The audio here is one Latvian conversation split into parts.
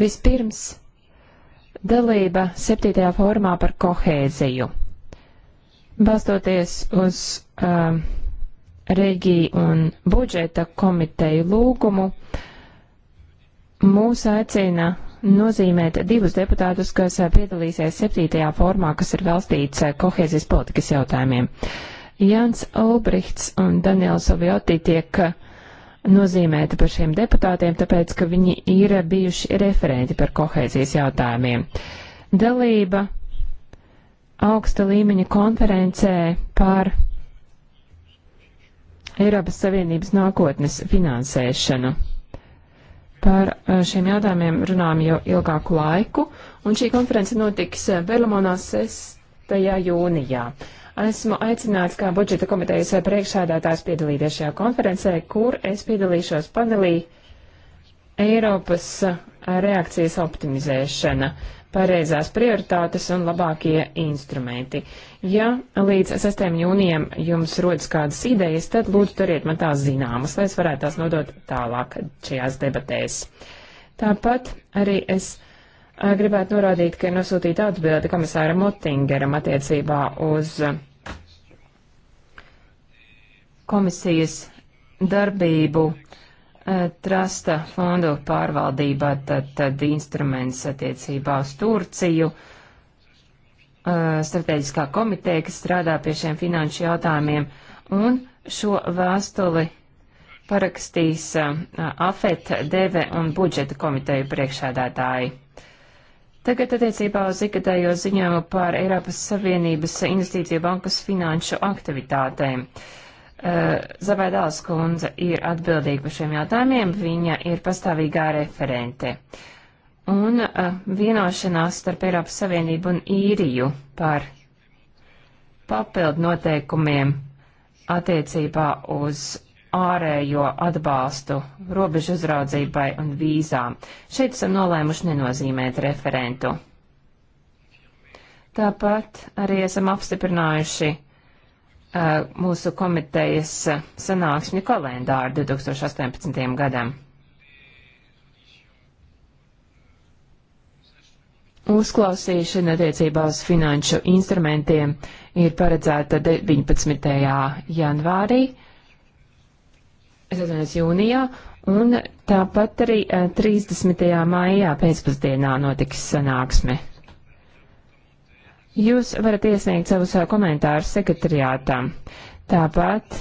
Vispirms dalība septītajā formā par kohēziju. Balstoties uz uh, um, reģiju un budžeta komiteju lūgumu, mūs aicina nozīmēt divus deputātus, kas uh, piedalīsies septītajā formā, kas ir valstīts uh, kohēzijas politikas jautājumiem. Jans Olbrichts un Daniels Ovioti tiek uh, nozīmēta par šiem deputātiem, tāpēc, ka viņi ir bijuši referenti par kohēzijas jautājumiem. Dalība augsta līmeņa konferencē par Eiropas Savienības nākotnes finansēšanu. Par eh, šiem jautājumiem runājam jau ilgāku laiku, un šī konference notiks eh, Berlamonā 6. jūnijā. Esmu aicināts kā budžeta komitejas priekšsēdētājs piedalīties šajā konferencē, kur es piedalīšos panelī Eiropas reakcijas optimizēšana, pareizās prioritātes un labākie instrumenti. Ja līdz 6. jūnijam jums rodas kādas idejas, tad lūdzu turiet man tās zināmas, lai es varētu tās nodot tālāk šajās debatēs. Tāpat arī es Gribētu norādīt, ka ir nosūtīta atbilde komisāra Motingeram attiecībā uz komisijas darbību trasta fondu pārvaldībā, tad, tad instruments attiecībā uz Turciju, strateģiskā komiteja, kas strādā pie šiem finanšu jautājumiem, un šo vēstuli parakstīs AFET, DEVE un budžeta komiteju priekšādātāji. Tagad attiecībā uz ikgadējo ziņojumu par Eiropas Savienības investīciju bankas finanšu aktivitātēm. Eh, Zabēdāls kundze ir atbildīga par šiem jautājumiem, viņa ir pastāvīgā referente. Un eh, vienošanās starp Eiropas Savienību un īriju par papildu noteikumiem attiecībā uz ārējo atbalstu robežu uzraudzībai un vīzām. Šeit esam nolēmuši nenozīmēt referentu. Tāpat arī esam apstiprinājuši uh, mūsu komitejas uh, sanāksmju kalendāru 2018. gadam. Uzklausīšana attiecībā uz finanšu instrumentiem ir paredzēta 19. janvārī. Uh, es atvainojos jūnijā, un tāpat arī 30. maijā pēcpusdienā notiks sanāksme. Jūs varat iesniegt savus komentārus sekretariātām. Tāpat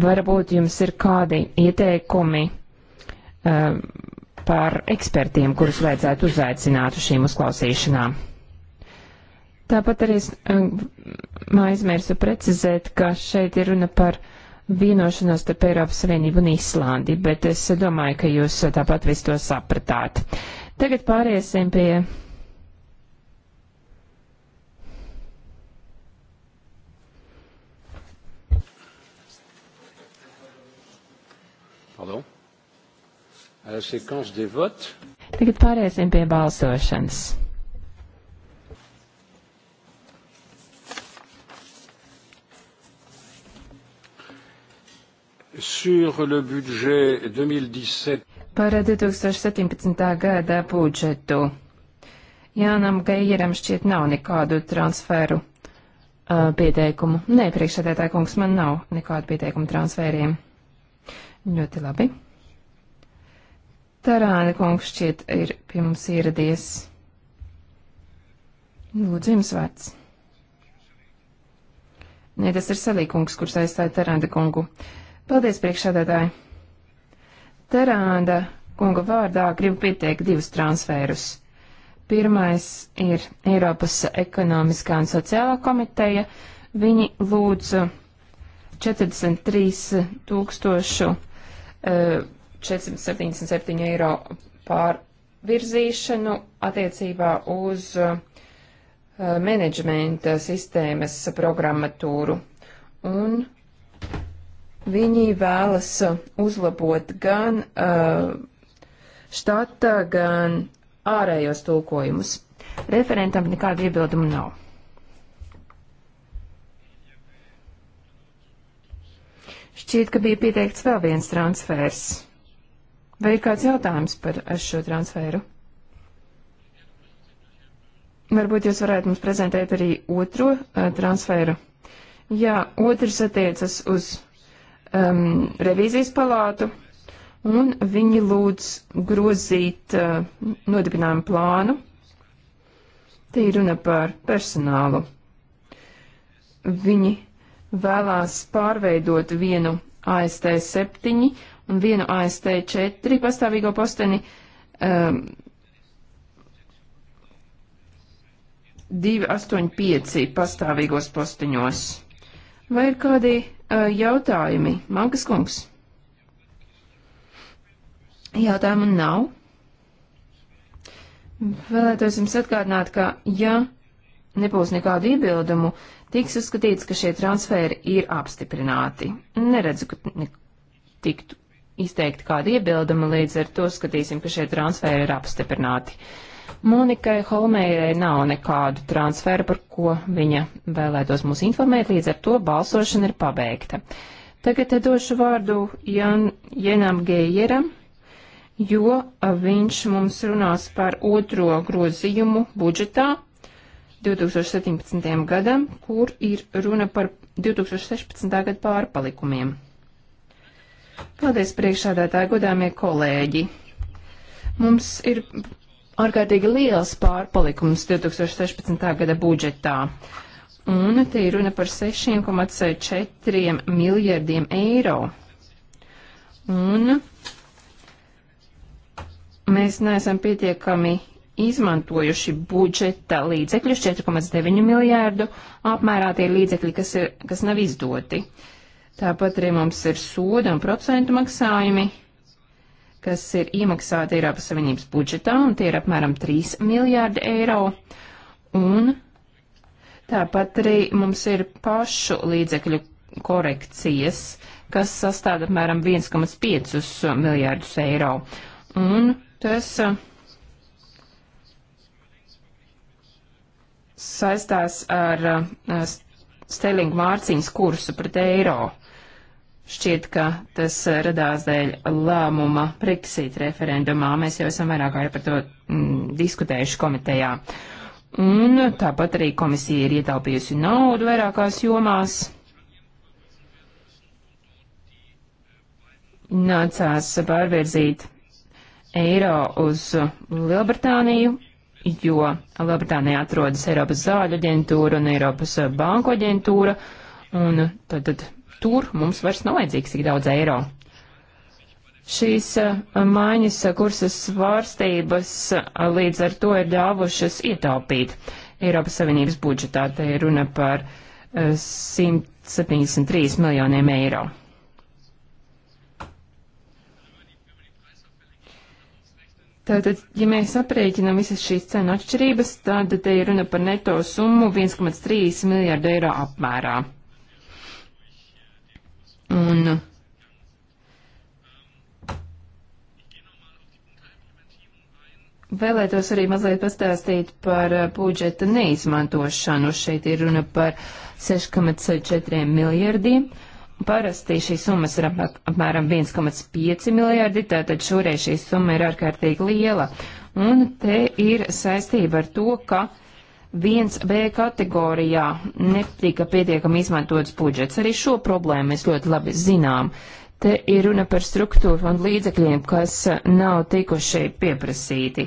varbūt jums ir kādi ieteikumi uh, par ekspertiem, kurus vajadzētu uzaicināt uz šīm uzklausīšanām. Tāpat arī es uh, aizmirsu precizēt, ka šeit ir runa par uh, vienošanos starp Eiropas Savienību un Islandi, bet es domāju, ka jūs tāpat visu to sapratāt. Tagad pāriesim pie. Pardon. À la séquence des votes. Tagad pāriesim pie balsošanas. sur le budget 2017. Par 2017. gada budžetu. Jānam Gairam šķiet nav nekādu transferu uh, pieteikumu. Nē, priekšsēdētāja kungs, man nav nekādu pieteikumu transferiem. Ļoti labi. Tarāna kungs šķiet ir pie mums ieradies. Lūdzu, jums vārds. Nē, tas ir Salīkungs, kurš aizstāja Taranda kungu. Uh, Paldies, priekšsēdētāji! Terānda kunga vārdā gribu pieteikt divus transferus. Pirmais ir Eiropas ekonomiskā un sociālā komiteja. Viņi lūdzu 43 tūkstošu 477 eh, eiro pārvirzīšanu attiecībā uz eh, menedžmenta sistēmas programmatūru. Un Viņi vēlas uh, uzlabot gan uh, štata, gan ārējos tulkojumus. Referentam nekādu iebildumu nav. Šķiet, ka bija pieteikts vēl viens transfers. Vai ir kāds jautājums par šo transferu? Varbūt jūs varētu mums prezentēt arī otro uh, transferu. Jā, otrs attiecas uz um, revīzijas palātu, un viņi lūdz grozīt uh, nodibinājumu plānu. Te ir runa par personālu. Viņi vēlās pārveidot vienu AST 7 un vienu AST 4 pastāvīgo posteni um, 285 pastāvīgos posteņos. Vai ir kādi Eh, jautājumi. Mankas kungs. Jautājumu nav. Vēlētos jums atgādināt, ka ja nebūs nekādu iebildumu, tiks uzskatīts, ka šie transferi ir apstiprināti. Neredzu, ka tiktu izteikti kādi iebildumi, līdz ar to skatīsim, ka šie transferi ir apstiprināti. Uh, Monikai Holmeirai nav nekādu transferu, par ko viņa vēlētos mūs informēt, līdz ar to balsošana ir pabeigta. Tagad došu vārdu Jan, Jenam Geijeram, jo viņš mums runās par otro grozījumu budžetā 2017. gadam, kur ir runa par 2016. gada pārpalikumiem. Paldies priekšādātāji, godāmie kolēģi! Mums ir ārkārtīgi liels pārpalikums 2016. gada budžetā. Un te ir runa par 6,4 miljardiem eiro. Un mēs neesam pietiekami izmantojuši budžeta līdzekļus 4,9 miljārdu apmērā tie līdzekļi, kas, ir, kas nav izdoti. Tāpat arī mums ir soda un procentu maksājumi kas ir iemaksāti Eiropas Savienības budžetā, un tie ir apmēram 3 miljārdi eiro. Un tāpat arī mums ir pašu līdzekļu korekcijas, kas sastāda apmēram 1,5 miljārdus eiro. Un tas uh, saistās ar uh, Stelinga mārciņas kursu pret eiro. Šķiet, ka tas eh, radās dēļ lēmuma Brexit referendumā. Mēs jau esam vairāk arī par to mm, diskutējuši komitejā. Un tāpat arī komisija ir ietaupījusi naudu vairākās jomās. Nācās pārvirzīt eiro uz Lielbritāniju, jo Lielbritānija atrodas Eiropas zāļu aģentūra un Eiropas banku aģentūra. Un tad, tad tur mums vairs nav vajadzīgs tik daudz eiro. Šīs eh, mājas eh, kursas svārstības eh, līdz ar to ir ļāvušas ietaupīt Eiropas Savienības budžetā. Te ir runa par 173 miljoniem eiro. Tātad, ja mēs aprēķinām visas šīs cenu atšķirības, tad te ir runa par neto summu 1,3 miljārdu eiro apmērā. Un vēlētos arī mazliet pastāstīt par uh, budžeta neizmantošanu. Šeit ir runa par 6,4 miljardiem. Parasti šīs summas ir apmēram 1,5 miljardi, tātad šoreiz šī summa ir ārkārtīgi liela. Un te ir saistība ar to, ka uh, 1B kategorijā netika pietiekami izmantots budžets. Arī šo problēmu mēs ļoti labi zinām. Te ir runa par struktūru un līdzekļiem, kas nav tikuši pieprasīti.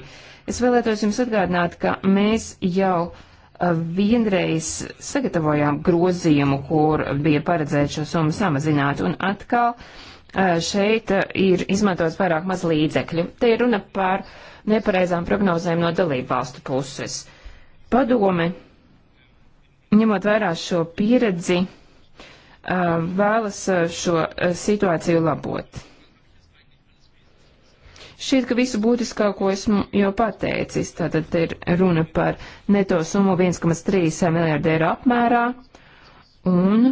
Es vēlētos jums atgādināt, ka mēs jau vienreiz sagatavojām grozījumu, kur bija paredzēts šo summu samazināt, un atkal šeit ir izmantots pārāk maz līdzekļu. Te ir runa par nepareizām prognozēm no dalību valstu puses. Uh, Padome, ņemot vērā šo pieredzi, vēlas šo situāciju labot. Šķiet, ka visu būtiskāko esmu jau pateicis. Tātad ir runa par neto summu 1,3 miljārdu eiro apmērā. Un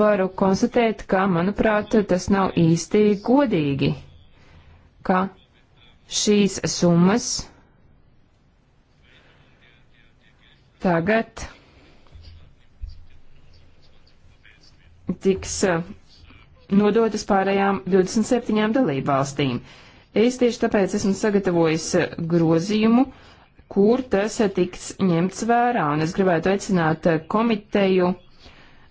varu konstatēt, ka, manuprāt, tas nav īsti godīgi, ka šīs summas Tagad tiks uh, nodotas pārējām 27 dalībvalstīm. Es tieši tāpēc esmu sagatavojis uh, grozījumu, kur tas uh, tiks ņemts vērā, un es gribētu aicināt komiteju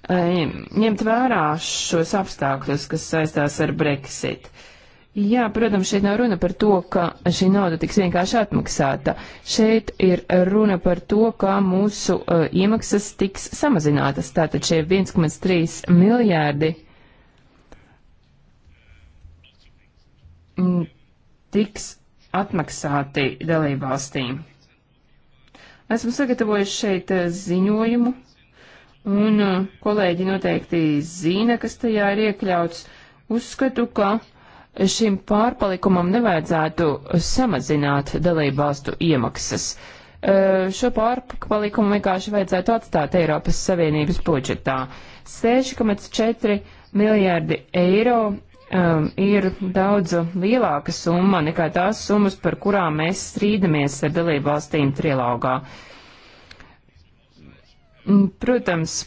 ņemt vērā šos apstākļus, kas saistās ar Brexit. Uh, Jā, protams, šeit nav runa par to, ka šī nauda tiks vienkārši atmaksāta. Šeit ir runa par to, kā mūsu uh, iemaksas tiks samazinātas. Tātad šie 1,3 miljārdi mm, tiks atmaksāti dalībvalstīm. Esmu sagatavojis šeit uh, ziņojumu, un uh, kolēģi noteikti zina, kas tajā ir iekļauts. Uzskatu, ka uh, šim pārpalikumam nevajadzētu samazināt dalībvalstu iemaksas. Šo pārpalikumu vienkārši vajadzētu atstāt Eiropas Savienības budžetā. 6,4 miljārdi eiro um, ir daudz lielāka summa nekā tās summas, par kurām mēs strīdamies ar dalībvalstīm trilaugā. Protams,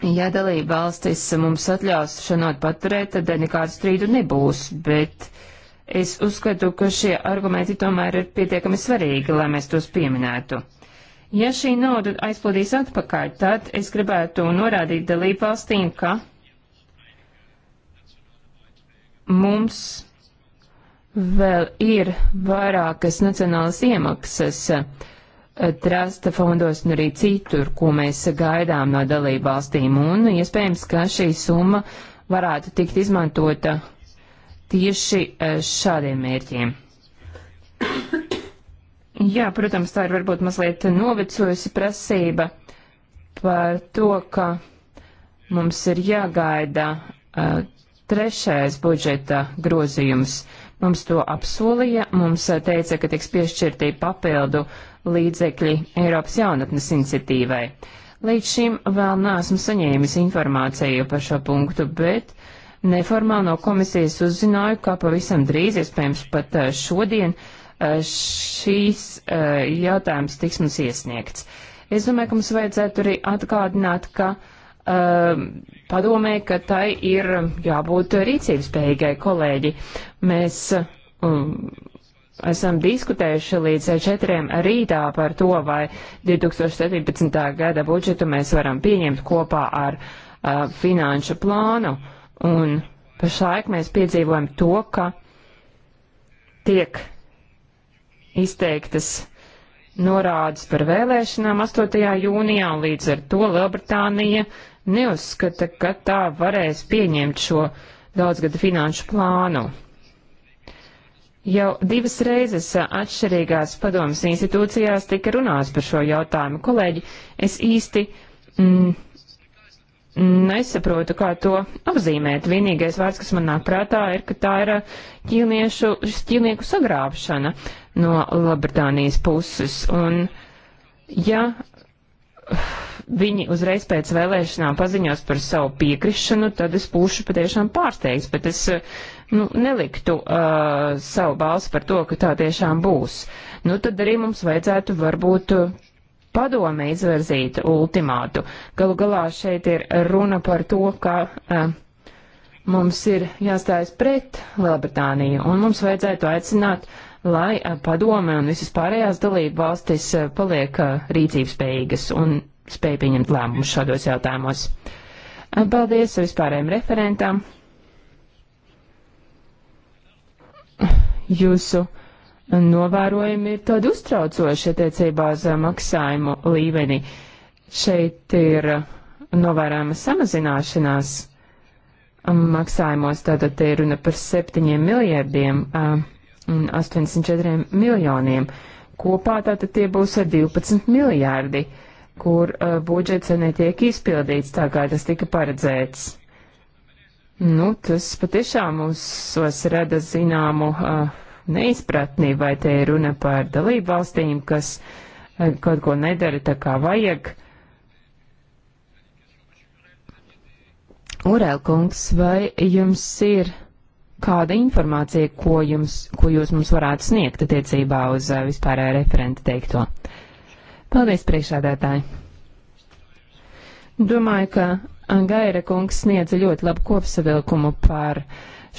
Ja dalība valstis mums atļaus šo notu paturēt, tad nekādu strīdu nebūs, bet es uzskatu, ka šie argumenti tomēr ir pietiekami svarīgi, lai mēs tos pieminētu. Ja šī nauda aizplūdīs atpakaļ, tad es gribētu norādīt dalību valstīm, ka mums vēl ir vairākas nacionālas iemaksas. Uh, trasta fondos un arī citur, ko mēs gaidām no dalību valstīm, un iespējams, ka šī summa varētu tikt izmantota tieši eh, šādiem mērķiem. Jā, protams, tā ir varbūt mazliet novecojusi prasība par to, ka mums ir jāgaida uh, trešais budžeta grozījums. Uh, Mums to apsolīja, mums teica, ka tiks piešķirti papildu līdzekļi Eiropas jaunatnes iniciatīvai. Līdz šim vēl neesmu saņēmis informāciju par šo punktu, bet neformāli no komisijas uzzināju, ka pavisam drīz, iespējams pat eh, šodien, eh, šīs eh, jautājums tiks mums iesniegts. Es domāju, ka mums vajadzētu arī atgādināt, ka uh, Ehm, padomē, ka tai ir jābūt rīcības spējīgai, kolēģi. Mēs um, esam diskutējuši līdz četriem rītā par to, vai 2017. gada budžetu mēs varam pieņemt kopā ar uh, finanšu plānu. Un pašlaik mēs piedzīvojam to, ka tiek izteiktas norādes par vēlēšanām 8. jūnijā, un līdz ar to Lielbritānija uh, neuzskata, ka tā varēs pieņemt šo daudzgada finanšu plānu. Jau divas reizes atšķirīgās padomas institūcijās tika runāts par šo jautājumu. Kolēģi, es īsti mm, nesaprotu, kā to apzīmēt. Vienīgais vārds, kas man nāk prātā, ir, ka tā ir uh, ķīlniešu, ķīlnieku sagrābšana no Lielbritānijas puses. Un, ja uh, viņi uzreiz pēc vēlēšanām paziņos par savu piekrišanu, tad es būšu patiešām pārsteigts, bet es eh, nu, neliktu uh, savu balsi par to, ka tā tiešām būs. Nu, tad arī mums vajadzētu varbūt eh, padome izverzīt ultimātu. Galu galā šeit ir runa par to, ka. Uh, Mums ir jāstājas pret Lielbritāniju, un mums vajadzētu aicināt uh, lai padome un visas pārējās dalība valstis paliek rīcības spējīgas un spēja pieņemt lēmumus šādos jautājumos. Paldies vispārējiem referentam. Jūsu novērojumi ir tādi uztraucoši attiecībā uz maksājumu līmeni. Šeit ir novērojama samazināšanās maksājumos, tātad te ir runa par 7 miljardiem un 84 miljoniem. Kopā tātad tie būs 12 miljārdi. Uh, kur uh, budžets netiek izpildīts tā, kā tas tika paredzēts. Nu, tas patiešām mūsos rada zināmu uh, neizpratni, vai te ir runa par dalību valstīm, kas uh, kaut ko nedara tā kā vajag. Urēlkungs, vai jums ir kāda informācija, ko, jums, ko jūs mums varētu sniegt attiecībā uz uh, vispārējā referenta teikto? Uh, Paldies, priekšādātāji! Domāju, ka Gaira kungs sniedza ļoti labu kopsavilkumu par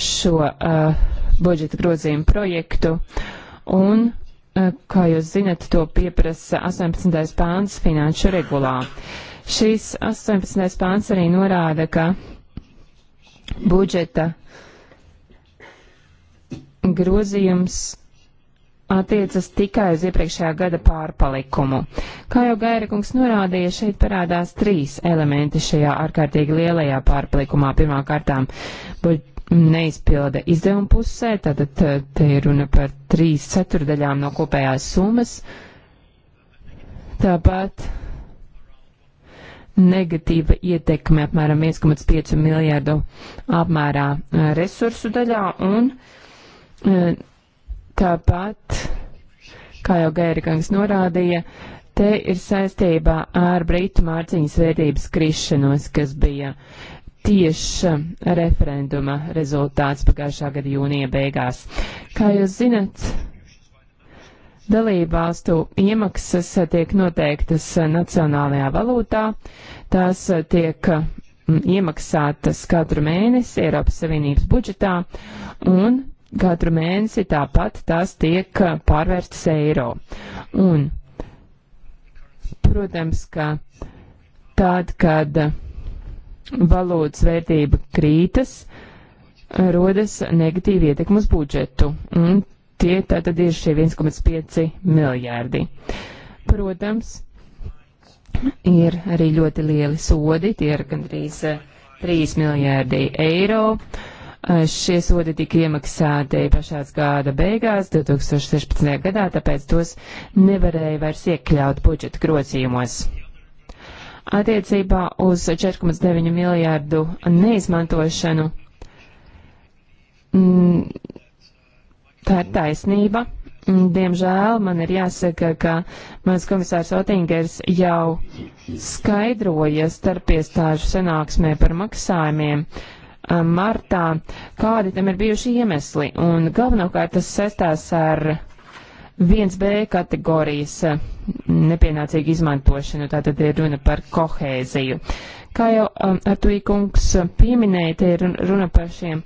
šo uh, budžeta grozījumu projektu, un, uh, kā jūs zinat, to pieprasa 18. pāns finanšu regulā. Šīs 18. pāns arī norāda, ka budžeta grozījums attiecas tikai uz iepriekšējā gada pārpalikumu. Kā jau Gairakungs norādīja, šeit parādās trīs elementi šajā ārkārtīgi lielajā pārpalikumā. Pirmā kārtām neizpilda izdevuma pusē, tad te ir runa par trīs ceturdaļām no kopējās summas. Tāpat negatīva ietekme apmēram 1,5 miljārdu apmērā e, resursu daļā un e, Tāpat, kā jau Gērigans norādīja, te ir saistībā ar Britu mārciņas vērtības krišanos, kas bija tieša referenduma rezultāts pagājušā gada jūnija beigās. Kā jūs zinat, dalībvalstu iemaksas tiek noteiktas nacionālajā valūtā, tās tiek mm, iemaksātas katru mēnesi Eiropas Savienības budžetā, un Katru mēnesi tāpat tās tiek uh, pārvērstas eiro. Un, protams, ka tad, kad uh, valūtas vērtība krītas, uh, rodas negatīva ietekma uz budžetu. Un tie tātad ir šie 1,5 miljārdi. Protams, ir arī ļoti lieli sodi, tie ir gandrīz 3 miljārdi eiro. Uh, Šie sodi tika iemaksāti pašās gada beigās, 2016. gadā, tāpēc tos nevarēja vairs iekļaut budžeta grozījumos. Attiecībā uz 4,9 miljārdu neizmantošanu mm, tā ir taisnība. Diemžēl man ir jāsaka, ka mans komisārs Otingers jau skaidroja starp iestāžu sanāksmē par maksājumiem, uh, martā, kādi tam ir bijuši iemesli. Un galvenokārt tas saistās ar 1B kategorijas eh, nepienācīgu izmantošanu, tātad ir runa par kohēziju. Kā jau um, Artuī kungs pieminēja, te ir runa par šiem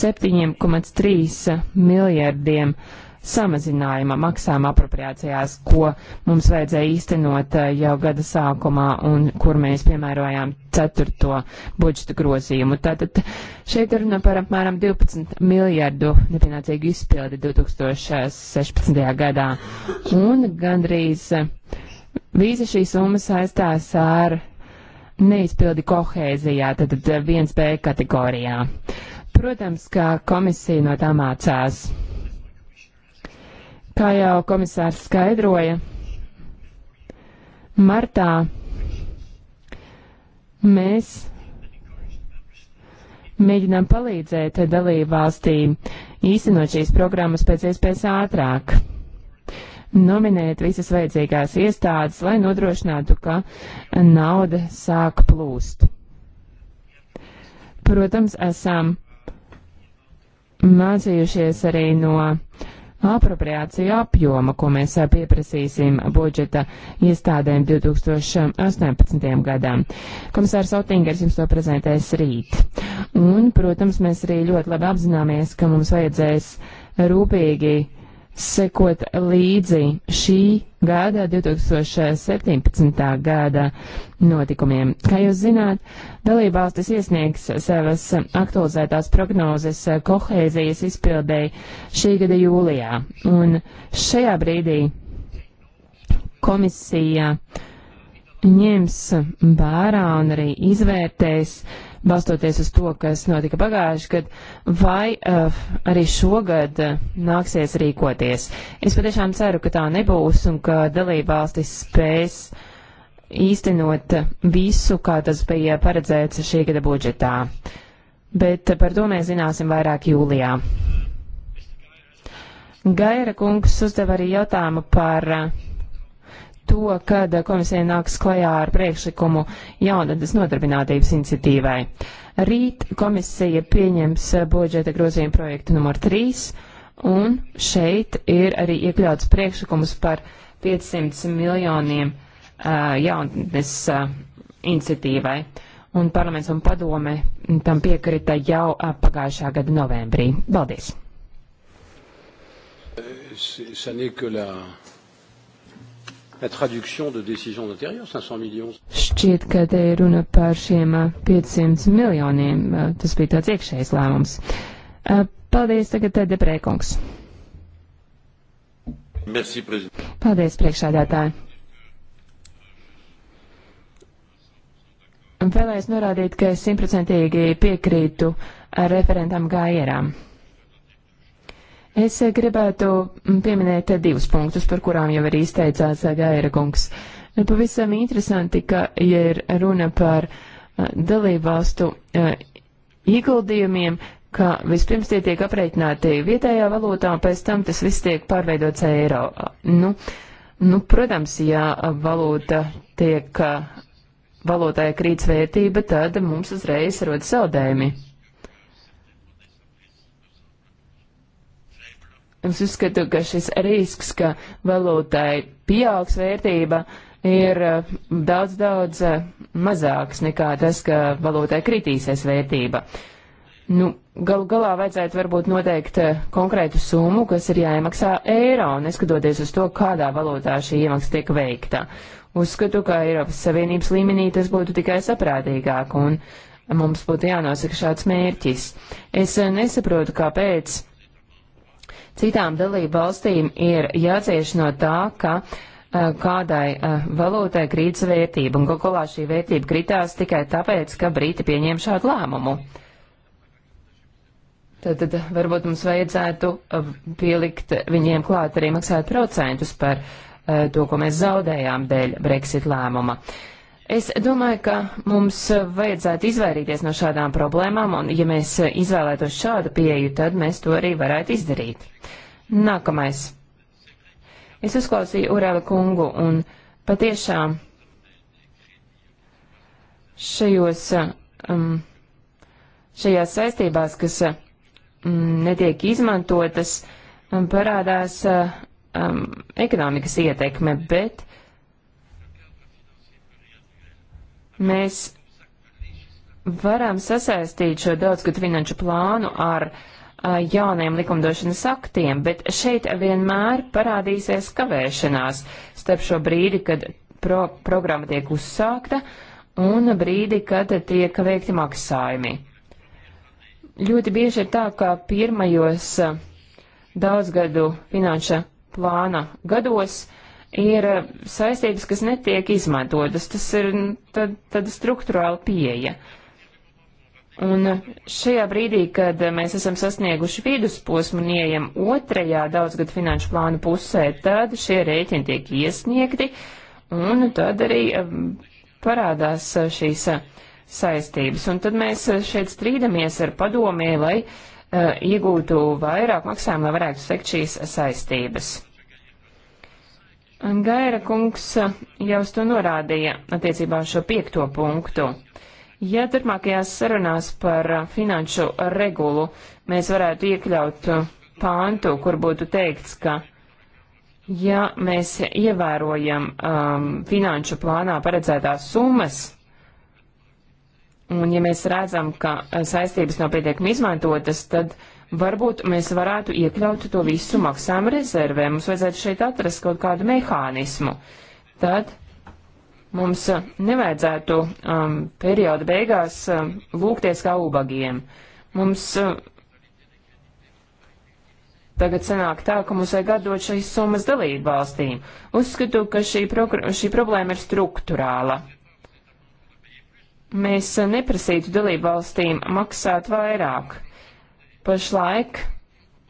7,3 miljardiem uh, samazinājuma maksām apropriācijās, ko mums vajadzēja īstenot eh, jau gada sākumā un kur mēs piemērojām ceturto budžeta grozījumu. Tātad šeit runa par apmēram 12 miljardu nepienācīgu izpildi 2016. gadā un gandrīz eh, visa šī summa saistās ar neizpildi kohēzijā, tad 1B kategorijā. Protams, ka komisija no tā mācās. Kā jau komisārs skaidroja, martā mēs mēģinām palīdzēt dalībvalstīm īstenot šīs programmas pēc iespējas ātrāk. Nominēt visas vajadzīgās iestādes, lai nodrošinātu, ka nauda sāk plūst. Protams, esam mācījušies arī no apropriāciju apjoma, ko mēs pieprasīsim budžeta iestādēm 2018. gadām. Komisārs Otingers jums to prezentēs rīt. Un, protams, mēs arī ļoti labi apzināmies, ka mums vajadzēs rūpīgi sekot līdzi šī gada, 2017. gada notikumiem. Kā jūs zināt, dalībvalstis iesniegs savas aktualizētās prognozes kohēzijas izpildēji šī gada jūlijā. Un šajā brīdī komisija ņems vērā un arī izvērtēs uh, balstoties uz to, kas notika pagājuši gad, vai uh, arī šogad uh, nāksies rīkoties. Es patiešām ceru, ka tā nebūs un ka dalībvalstis spēs īstenot visu, kā tas bija paredzēts šī gada budžetā. Bet par to mēs zināsim vairāk jūlijā. Gaira kungs uzdeva arī jautājumu par uh, to, kad komisija nāks klajā ar priekšlikumu jaunatnes nodarbinātības iniciatīvai. Rīt komisija pieņems budžeta grozījuma projektu numur 3, un šeit ir arī iekļauts priekšlikums par 500 miljoniem uh, jaunatnes uh, iniciatīvai. Un parlaments un padome tam piekrita jau uh, pagājušā gada novembrī. Paldies! Uh, La traduction de décisions antérieures, 500 millions. Šķiet, ka te ir runa par šiem 500 miljoniem. Tas bija tāds iekšējs lēmums. Paldies, tagad Deprēkungs. Merci, prezident. Paldies, priekšādātāji. Vēlējos norādīt, ka es simtprocentīgi piekrītu referentam Gājerām. Es gribētu mm, pieminēt divus punktus, par kurām jau arī izteicās Gaira kungs. Pavisam interesanti, ka, ja ir runa par dalībvalstu ieguldījumiem, ka vispirms tie tiek apreikināti vietējā valūtā, un pēc tam tas viss tiek pārveidots eiro. Nu, nu, protams, ja valūta tiek, valūtāja krīts vērtība, tad mums uzreiz rodas zaudējumi. Protams, uzskatu, ka šis risks, ka valūtai pieaugs vērtība, ir eh, daudz, daudz eh, mazāks nekā tas, ka valūtai kritīsies vērtība. Nu, galu galā vajadzētu varbūt noteikt eh, konkrētu summu, kas ir jāiemaksā eiro, neskatoties uz to, kādā valūtā šī iemaksa tiek veikta. Uzskatu, ka Eiropas Savienības līmenī tas būtu tikai saprātīgāk, un mums būtu jānosaka šāds mērķis. Es nesaprotu, kāpēc Citām dalību valstīm ir jācieš no tā, ka eh, kādai eh, valūtai krīt vērtība, un Gokolā šī vērtība kritās tikai tāpēc, ka Brīti pieņēma šādu lēmumu. Tad, tad varbūt mums vajadzētu eh, pielikt viņiem klāt arī maksāt procentus par uh, to, ko mēs zaudējām dēļ Brexit lēmuma. Uh, Es domāju, ka mums vajadzētu izvairīties no šādām problēmām, un ja mēs izvēlētos šādu pieeju, tad mēs to arī varētu izdarīt. Nākamais. Es uzklausīju Urela kungu, un patiešām šajos, um, šajās saistībās, kas um, netiek izmantotas, um, parādās uh, um, ekonomikas ietekme, bet Mēs varam sasaistīt šo daudzgadu finanšu plānu ar a, jauniem likumdošanas aktiem, bet šeit vienmēr parādīsies kavēšanās starp šo brīdi, kad pro programma tiek uzsākta un brīdi, kad tiek veikti maksājumi. Ļoti bieži ir tā, ka pirmajos daudzgadu finanša plāna gados ir saistības, kas netiek izmantotas. Tas ir tad, tad struktūrāla pieeja. Un šajā brīdī, kad mēs esam sasnieguši vidusposmu un ieejam otrajā daudzgad finanšu plānu pusē, tad šie rēķini tiek iesniegti un tad arī um, parādās šīs uh, saistības. Un tad mēs šeit strīdamies ar padomē, lai uh, iegūtu vairāk maksājumu, lai varētu sekt šīs saistības. Gaira kungs jau uz to norādīja attiecībā uz šo piekto punktu. Ja turpmākajās sarunās par finanšu regulu mēs varētu iekļaut pāntu, kur būtu teikts, ka ja mēs ievērojam um, finanšu plānā paredzētās summas, un ja mēs redzam, ka saistības nav pietiekami izmantotas, tad uh, Varbūt mēs varētu iekļaut to visu maksājumu rezervē. Mums vajadzētu šeit atrast kaut kādu mehānismu. Tad mums eh, nevajadzētu um, perioda beigās um, lūgties kā ubagiem. Mums um, Tagad sanāk tā, ka mums vajag atdot šīs summas dalību valstīm. Uzskatu, ka šī, šī problēma ir struktūrāla. Mēs eh, neprasītu dalību valstīm maksāt vairāk. Pašlaik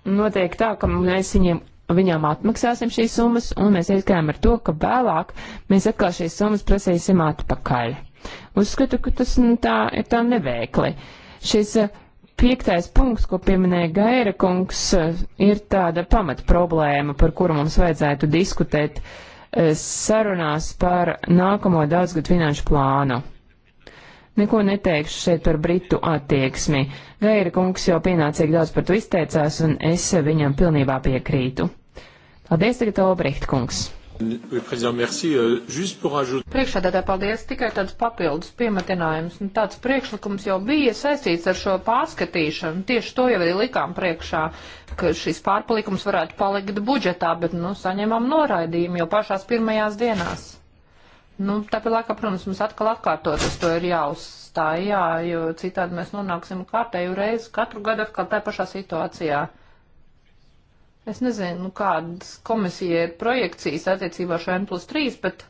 notiek tā, ka mēs viņiem, viņām atmaksāsim šīs summas, un mēs ieskājām ar to, ka vēlāk mēs atkal šīs summas prasīsim atpakaļ. Uzskatu, ka tas nu, tā ir tā neveikli. Šis eh, piektais punkts, ko pieminēja Gaira kungs, eh, ir tāda pamat problēma, par kuru mums vajadzētu diskutēt eh, sarunās par nākamo daudzgadu finanšu plānu. Neko neteikšu šeit par britu attieksmi. Gaira kungs jau pienācīgi daudz par to izteicās, un es viņam pilnībā piekrītu. Paldies tagad, Obrecht kungs! Euh, Priekšādātā paldies tikai tāds papildus piemetinājums. Nu, tāds priekšlikums jau bija saistīts ar šo pārskatīšanu. Tieši to jau arī likām priekšā, ka šis pārpalikums varētu palikt budžetā, bet, nu, saņemam noraidījumu jau pašās pirmajās dienās. Nu, tāpēc laikā, protams, mums atkal atkārtot uz to ir jāuzstāj, jā, jo citādi mēs nonāksim kārtēju reizi katru gadu atkal tā pašā situācijā. Es nezinu, nu, kādas komisija ir projekcijas attiecībā šo N plus 3, bet,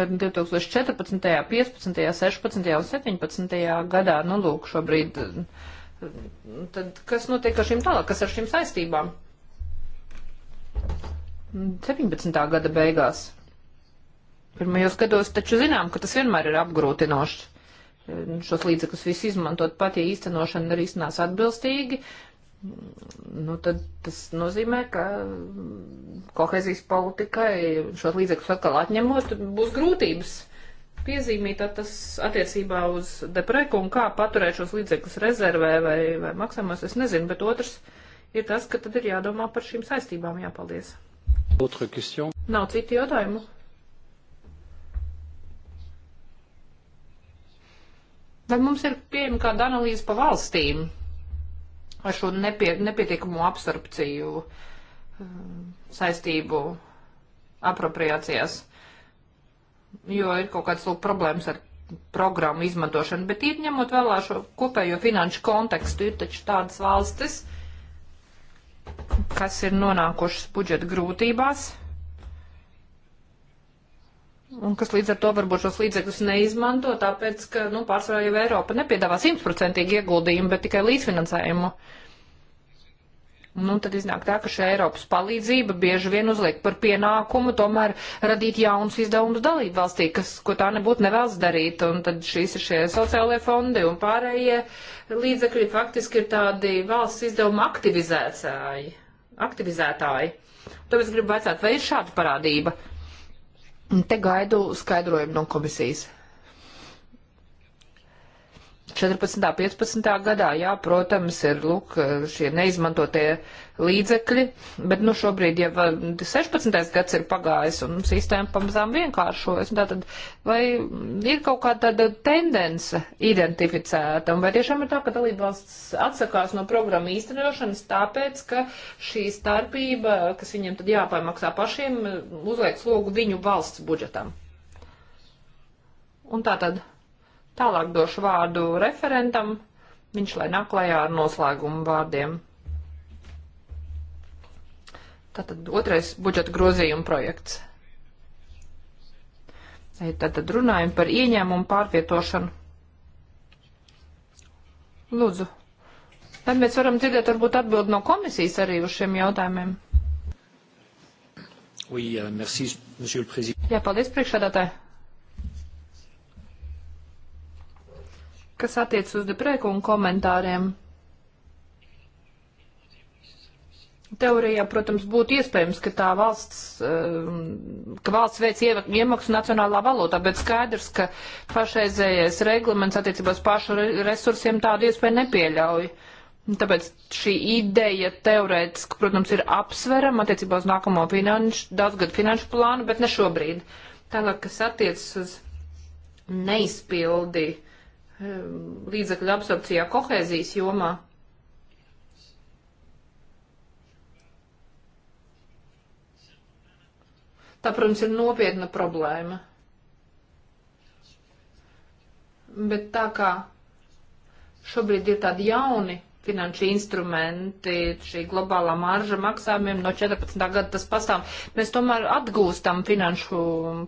bet 2014., 15., 16. un 17. gadā, nu lūk, šobrīd, tad kas notiek ar šīm tālāk, kas ar šīm saistībām? 17. gada beigās Pirmajos gados taču zinām, ka tas vienmēr ir apgrūtinošs. Šos līdzekļus visu izmantot pat, ja īstenošana arī iznās atbilstīgi, nu tad tas nozīmē, ka kohezijas politikai šos līdzekļus atkal atņemot būs grūtības. Piezīmītā tas attiecībā uz depreku un kā paturēt šos līdzekļus rezervē vai, vai maksājumos, es nezinu, bet otrs ir tas, ka tad ir jādomā par šīm saistībām jāpaldies. Nav citu jautājumu? Vai mums ir pieejama kāda analīze pa valstīm ar šo nepie, nepietiekamo absorpciju eh, saistību apropriācijās? Jo ir kaut kāds lūk problēmas ar programmu izmantošanu, bet ir ņemot vēlā šo kopējo finanšu kontekstu, ir taču tādas valstis, kas ir nonākušas budžeta grūtībās, un kas līdz ar to varbūt šos līdzekļus neizmanto, tāpēc, ka, nu, pārsvarā jau Eiropa nepiedāvā simtprocentīgi ieguldījumu, bet tikai līdzfinansējumu. Nu, tad iznāk tā, ka šī Eiropas palīdzība bieži vien uzliek par pienākumu tomēr radīt jaunus izdevumus dalību valstī, kas, ko tā nebūtu nevēlas darīt. Un tad šīs ir šie sociālie fondi un pārējie līdzekļi faktiski ir tādi valsts izdevuma aktivizētāji. aktivizētāji. To es gribu vaicāt, vai ir šāda parādība? Un te gaidu skaidrojumu no komisijas. 14. 15. gadā, jā, protams, ir, lūk, šie neizmantotie līdzekļi, bet, nu, šobrīd jau 16. gads ir pagājis un sistēma pamazām vienkāršojas. Tātad, vai ir kaut kāda tāda tendence identificēta, un vai tiešām ir tā, ka dalībvalsts atsakās no programmu īstenošanas tāpēc, ka šī starpība, kas viņiem tad jāpamaksā pašiem, uzliek slogu viņu valsts budžetam? Un tātad. Tālāk došu vārdu referentam, viņš lai naklajā ar noslēgumu vārdiem. Tātad otrais budžeta grozījuma projekts. Tātad runājam par ieņēmumu pārvietošanu. Lūdzu. Tad mēs varam dzirdēt varbūt atbildi no komisijas arī uz šiem jautājumiem. Oui, euh, merci, Jā, paldies priekšādātāji. kas attiec uz deprēku un komentāriem. Teorijā, protams, būtu iespējams, ka tā valsts, um, ka valsts veids iemaksu nacionālā valūtā, bet skaidrs, ka pašreizējais reglaments attiecībās pašu resursiem tādu iespēju nepieļauj. Tāpēc šī ideja teorētiski, protams, ir apsverama attiecībā uz nākamo finanšu, daudzgadu finanšu plānu, bet ne šobrīd. Tālāk, kas attiecas uz neizpildi līdzekļu absorpcijā kohēzijas jomā. Tā, protams, ir nopietna problēma. Bet tā kā šobrīd ir tādi jauni finanšu instrumenti, šī globālā marža maksājumiem no 14. gada tas pastāv. Mēs tomēr atgūstam finanšu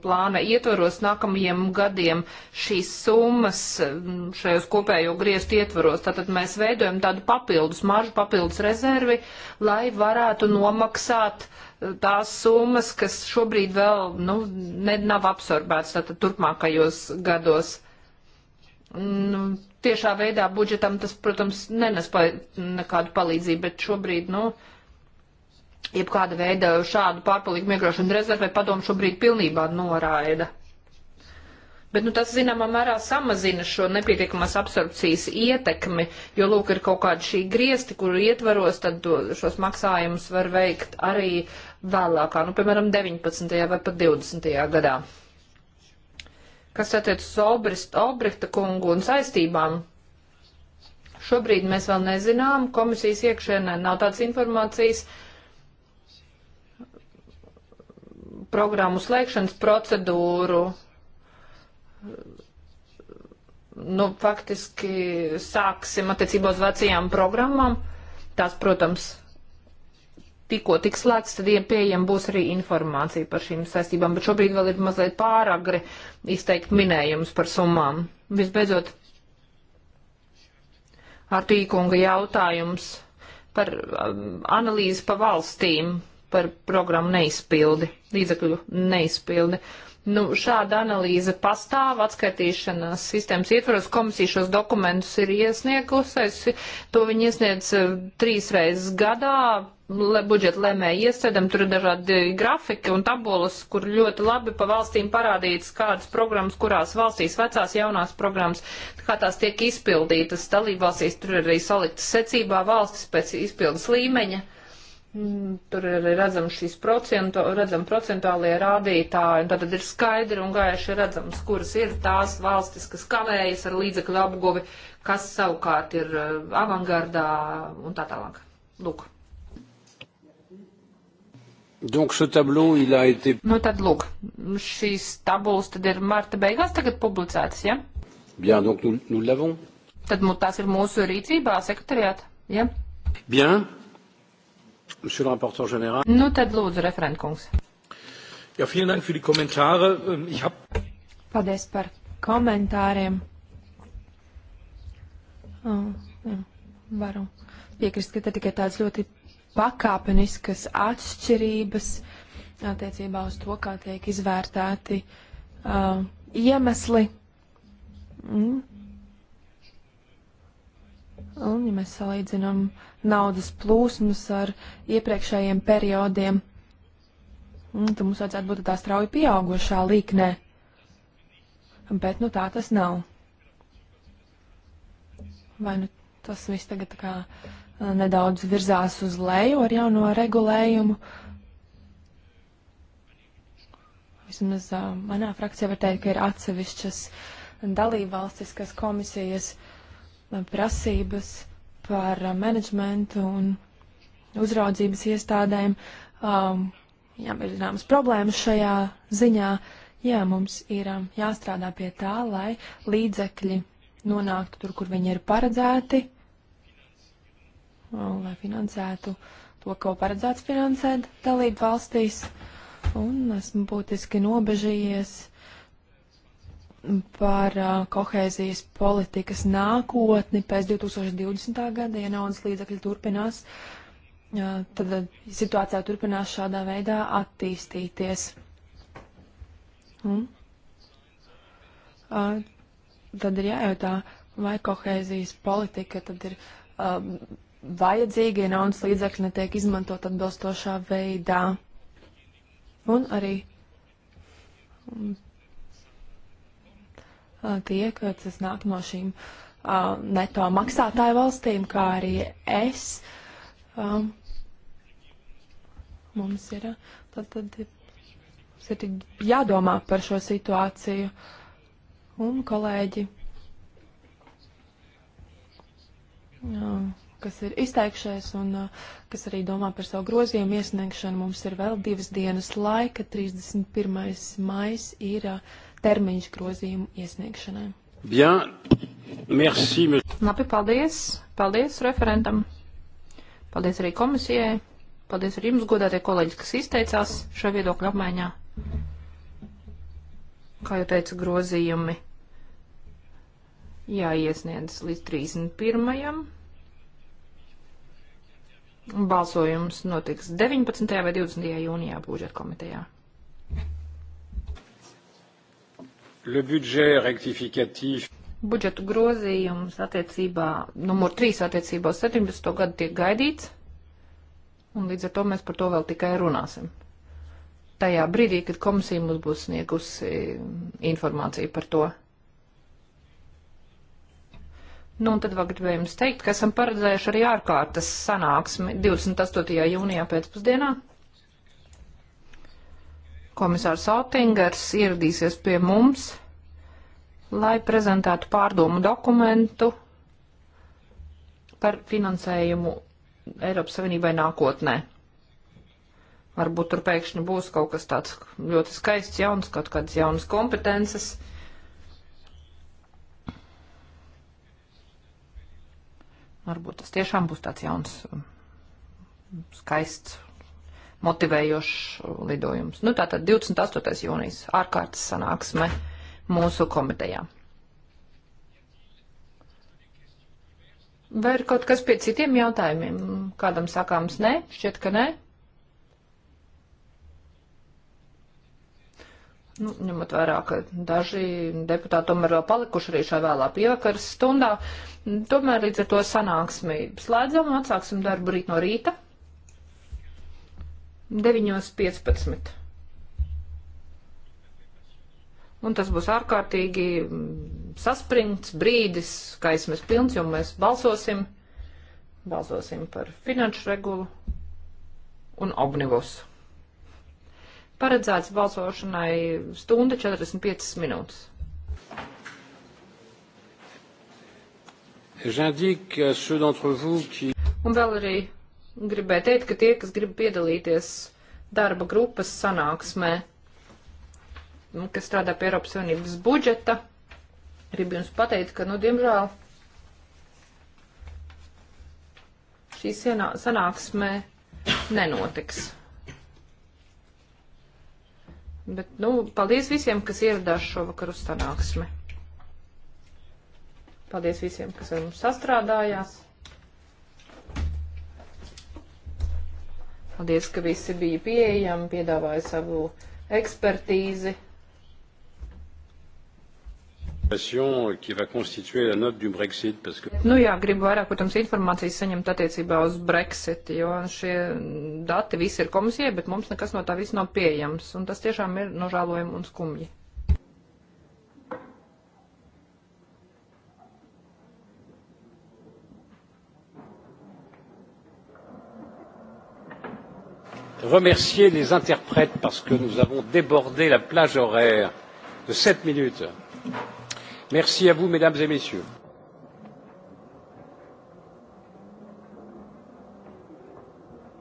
plāna ietvaros nākamajiem gadiem šīs summas mm, šajos kopējo griestu ietvaros. Tātad mēs veidojam tādu papildus maržu, papildus rezervi, lai varētu nomaksāt eh, tās summas, kas šobrīd vēl nu, ne, nav absorbētas tātad turpmākajos gados. Nu, tiešā veidā budžetam tas, protams, nenes pa, nekādu palīdzību, bet šobrīd, nu, jebkāda veida šādu pārpalikumu iekļaušanu rezervē padomu šobrīd pilnībā noraida. Bet nu, tas, zināmā mērā, samazina šo nepietiekamās absorpcijas ietekmi, jo, lūk, ir kaut kāda šī griezti, kuru ietvaros, tad to, šos maksājumus var veikt arī vēlākā, nu, piemēram, 19. vai pat 20. gadā kas attiec uz Obrist, Obrihta kungu un saistībām. Šobrīd mēs vēl nezinām, komisijas iekšēnē nav tādas informācijas. Programmu slēgšanas procedūru nu, faktiski sāksim attiecībā uz vecajām programmām. Tās, protams, tikko tiks slēgts, tad ja pieejama būs arī informācija par šīm saistībām, bet šobrīd vēl ir mazliet pāragri izteikt minējums par summām. Visbeidzot, ar tīkunga jautājums par um, analīzi pa valstīm, par programmu neizpildi, līdzakļu neizpildi. Nu, šāda analīze pastāv atskaitīšanas sistēmas ietvaros. Komisija šos dokumentus ir iesniegusi. To viņi iesniedz eh, trīs reizes gadā. Le, budžeta lēmē iestādam, tur ir dažādi grafiki un tabulas, kur ļoti labi pa valstīm parādīts, kādas programmas, kurās valstīs vecās, jaunās programmas, kā tās tiek izpildītas. Dalībvalstīs tur ir arī saliktas secībā valstis pēc izpildas līmeņa. Mm, tur arī redzam šīs procentu, redzam procentuālie rādītāji, un tad ir skaidri un gaiši redzams, kuras ir tās valstis, kas kavējas ar līdzekļu apguvi, kas savukārt ir eh, avangardā un tā tālāk. Lūk. Donc, tableau, été... Nu tad lūk, šīs tabulas tad ir marta beigās tagad publicētas, ja? Bien, donc nous, nous l'avons. Tad nu, tās ir mūsu rīcībā, sekretariāt, ja? Bien monsieur le rapporteur général. Nu tad lūdzu, referentkungs. Ja, vielen Dank für die Kommentare. Ähm, ich hab... Paldies par komentāriem. Uh, jā, varu piekrist, ka te tikai tāds ļoti pakāpeniskas atšķirības attiecībā uz to, kā tiek izvērtēti uh, iemesli. Mm, Un, ja mēs salīdzinām naudas plūsmas ar iepriekšējiem periodiem, tad mums vajadzētu būt tā strauji pieaugušā līknē. Bet nu tā tas nav. Vai nu tas viss tagad kā uh, nedaudz virzās uz leju ar jauno regulējumu? Vismaz uh, manā frakcijā var teikt, ka ir atsevišķas dalībvalstis, kas komisijas uh, prasības par menedžmentu un uzraudzības iestādēm. Um, jā, ir zināmas problēmas šajā ziņā. Jā, mums ir um, jāstrādā pie tā, lai līdzekļi nonāktu tur, kur viņi ir paredzēti, um, lai finansētu to, ko paredzēts finansēt dalību valstīs. Un esmu būtiski nobežījies par uh, kohēzijas politikas nākotni pēc 2020. gada, ja naudas līdzekļi turpinās, uh, tad situācijā turpinās šādā veidā attīstīties. Un, uh, tad ir jājautā, vai kohēzijas politika tad ir uh, vajadzīga, ja naudas līdzekļi netiek izmantot atbilstošā veidā. Un arī um, Uh, tie, kas uh, nāk no šīm uh, neto maksātāju valstīm, kā arī es. Um, mums ir, uh, tad, tad mums ir jādomā par šo situāciju. Un kolēģi, jā, um, kas ir izteikšies un kas arī domā par savu grozījumu iesniegšanu, mums ir vēl divas dienas laika. 31. mais ir. Uh, termiņš grozījumu iesniegšanai. Bien. Merci. Labi, paldies. Paldies referentam. Paldies arī komisijai. Paldies arī jums, godātie kolēģi, kas izteicās šo viedokļu apmaiņā. Kā jau teicu, grozījumi jāiesniedz līdz 31. Balsojums notiks 19. vai 20. jūnijā budžeta komitejā. rectificatif... Budžetu grozījums attiecībā, numur 3 attiecībā uz 17. gadu tiek gaidīts, un līdz ar to mēs par to vēl tikai runāsim. Tajā brīdī, kad komisija mums būs sniegusi informāciju par to. Nu, un tad vēl gribēju jums teikt, ka esam paredzējuši arī ārkārtas sanāksmi 28. jūnijā pēcpusdienā komisārs Otingers ieradīsies pie mums, lai prezentētu pārdomu dokumentu par finansējumu Eiropas Savienībai nākotnē. Varbūt tur pēkšņi būs kaut kas tāds ļoti skaists, jauns, kaut kādas jaunas kompetences. Varbūt tas tiešām būs tāds jauns, skaists motivējošs lidojums. Nu, tātad 28. jūnijas ārkārtas sanāksme mūsu komitejā. Vai ir kaut kas pie citiem jautājumiem? Kādam sakāms nē? Šķiet, ka nē. Nu, ņemot vērā, ka daži deputāti tomēr vēl palikuši arī šajā vēlā pievakaras stundā, tomēr līdz ar to sanāksmi slēdzam un atsāksim darbu rīt no rīta. 9.15. Un tas būs ārkārtīgi mm, saspringts brīdis, kaismes pilns, jo mēs balsosim, balsosim par finanšu regulu un omnibusu. Paredzēts balsošanai stunda 45 minūtes. Un vēl arī Gribēju teikt, ka tie, kas grib piedalīties darba grupas sanāksmē, nu, kas strādā pie Eiropas Savienības budžeta, gribu jums pateikt, ka, nu, diemžēl šī sanāksmē nenotiks. Bet, nu, paldies visiem, kas ieradās šovakar uz sanāksmi. Paldies visiem, kas ar mums sastrādājās. Paldies, ka visi bija pieejami, piedāvāja savu ekspertīzi. Nu jā, gribu vairāk, protams, informācijas saņemt attiecībā uz Brexit, jo šie dati visi ir komisijai, bet mums nekas no tā viss nav pieejams, un tas tiešām ir nožēlojami un skumji. remercier les interprètes parce que nous avons débordé la plage horaire de sept minutes. merci à vous mesdames et messieurs.